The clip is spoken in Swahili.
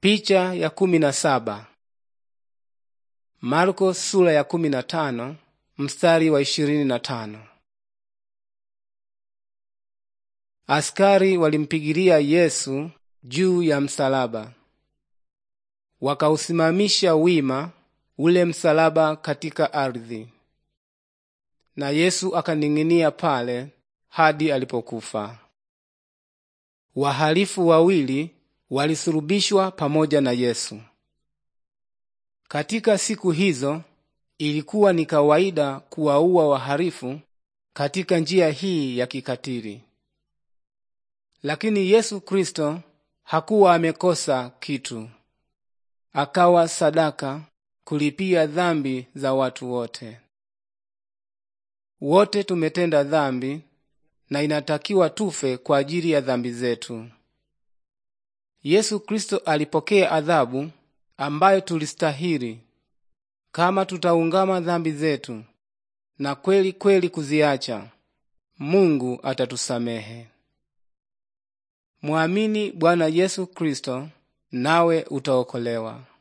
Picha ya kumi na saba. Marko sura ya kumi na tano mstari wa ishirini na tano. Askari walimpigilia Yesu juu ya msalaba, wakausimamisha wima ule msalaba katika ardhi, na Yesu akaning'inia pale hadi alipokufa. Wahalifu wawili walisulubishwa pamoja na Yesu. Katika siku hizo ilikuwa ni kawaida kuwaua waharifu katika njia hii ya kikatili, lakini Yesu Kristo hakuwa amekosa kitu. Akawa sadaka kulipia dhambi za watu wote. Wote tumetenda dhambi na inatakiwa tufe kwa ajili ya dhambi zetu. Yesu Kristo alipokea adhabu ambayo tulistahili kama tutaungama dhambi zetu na kweli kweli kuziacha, Mungu atatusamehe. Mwamini Bwana Yesu Kristo nawe utaokolewa.